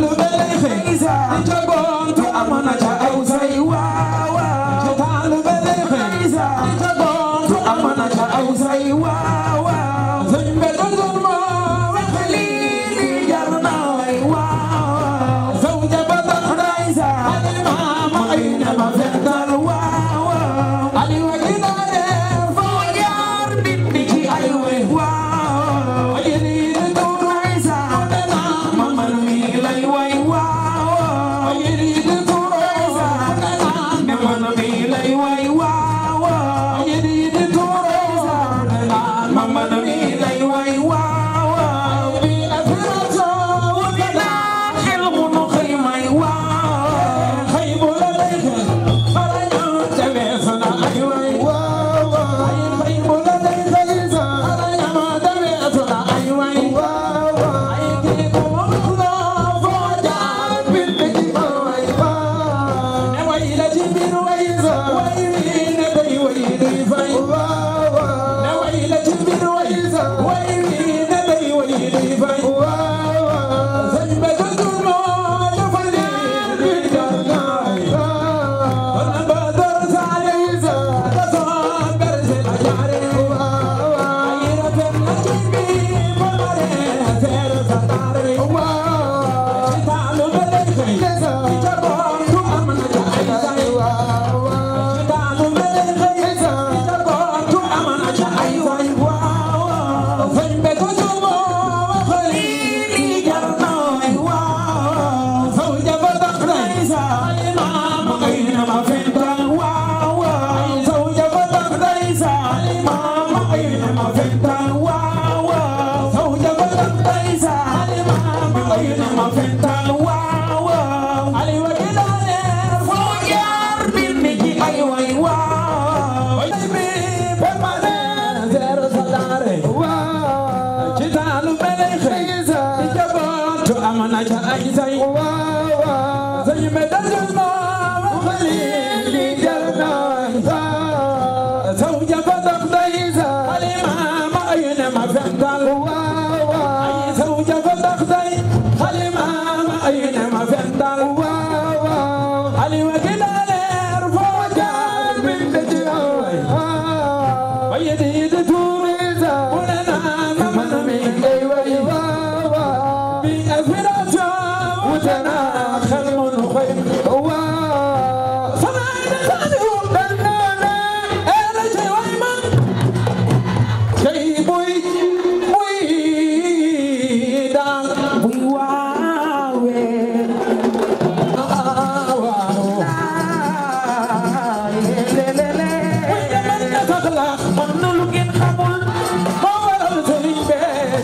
lu mel ni xëy di jogoon tu amoon na ca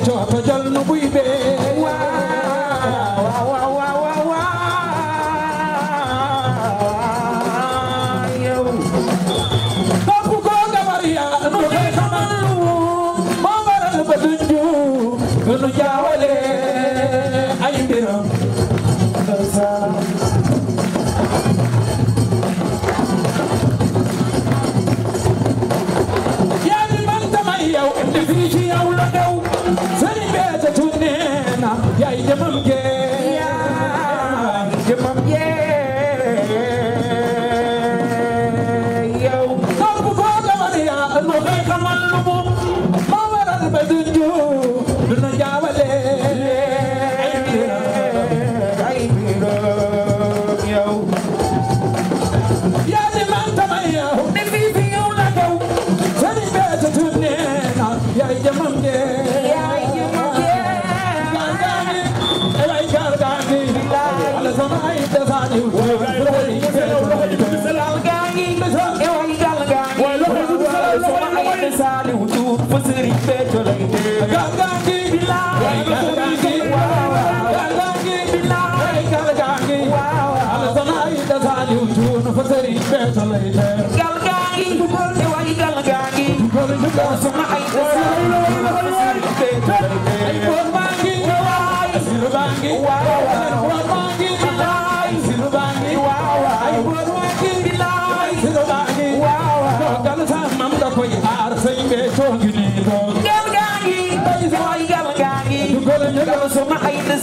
to Ay, por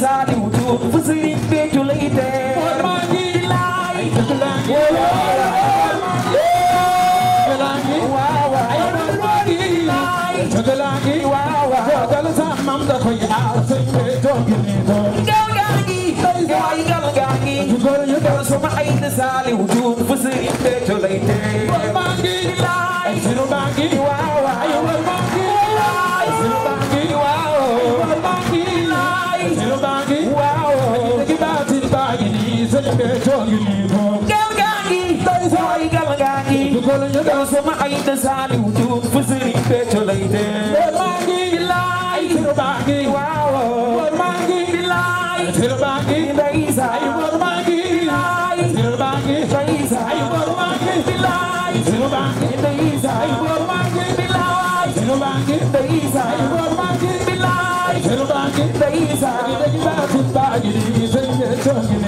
saani wu ju fu sëriñ beccu lay tee wallahi laay jogalaangi waawa jogal sa mam da koy aar sëñ beccu ngi nii doon jogalaangi gaay galgaangi jugal yu doon suma ay saali wu ju fu sëriñ beccu lay tee mooy te saaliw tuub fu sëriñ Béthio lay dee góor maa ngi laay góor maa ngi waaw góor maa ngi laay góor maa ngi ndeysaan góor maa ngi laay góor maa ngi ndeysaan góor maa ngi laay góor maa ngi ndeysaan góor maa ngi laay góor maa ngi ndeysaan góor maa ngi laay góor maa ngi ndeysaan góor maa ngi ndeysaan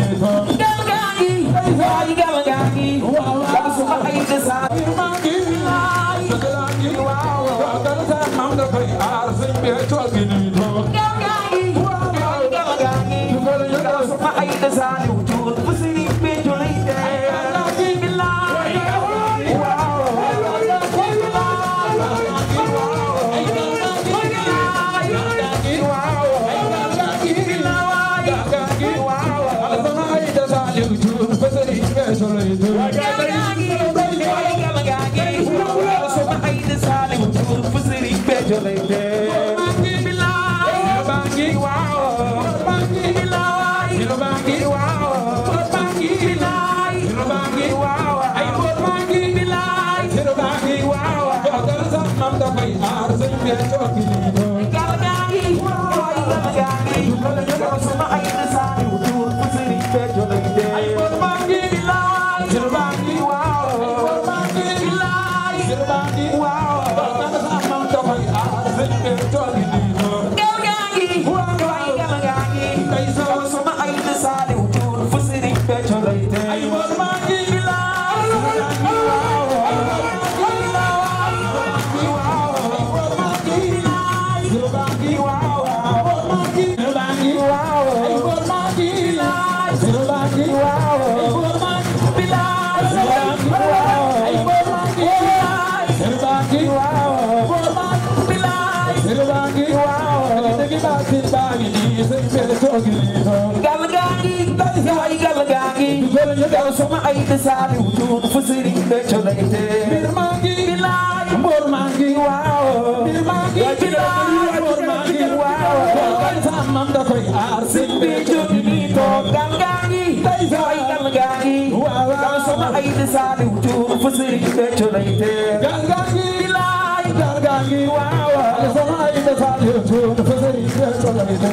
toi qui nous ar sëñ bi toog daw sama ay tasaare wu ñu fu sëriñ be colayte mbir maa ngi bilaay mbor maa ngi waaw mbir maa ngi bilaay si waaw waaw sa mam da koy aar si bi jooju nii toog gangaangi tay jooy gangaangi waaw waaw sama ay di saaliw tuur fu sëriñ Béthio lay teer gangaangi laay gangaangi waaw waaw sama ay di saaliw tuur fu sëriñ Béthio lay teer